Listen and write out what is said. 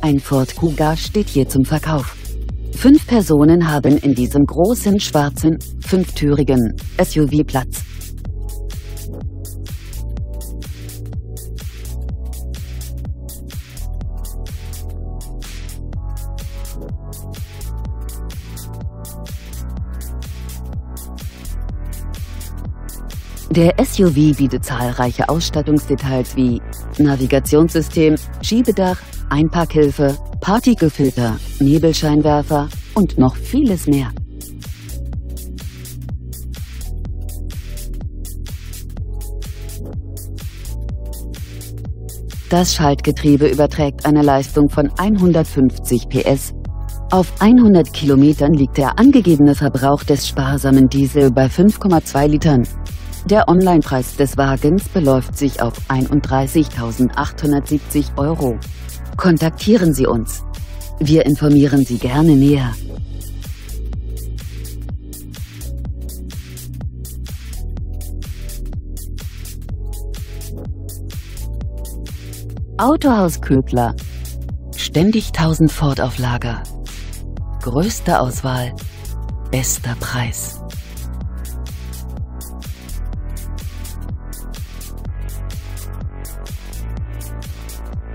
Ein Ford Kuga steht hier zum Verkauf. Fünf Personen haben in diesem großen schwarzen, fünftürigen SUV Platz. Der SUV bietet zahlreiche Ausstattungsdetails wie Navigationssystem, Schiebedach, Einparkhilfe, Partikelfilter, Nebelscheinwerfer und noch vieles mehr. Das Schaltgetriebe überträgt eine Leistung von 150 PS. Auf 100 Kilometern liegt der angegebene Verbrauch des sparsamen Diesel bei 5,2 Litern. Der Onlinepreis des Wagens beläuft sich auf 31.870 Euro. Kontaktieren Sie uns. Wir informieren Sie gerne näher. Autohaus Köbler. Ständig 1000 Ford auf Lager. Größte Auswahl, bester Preis.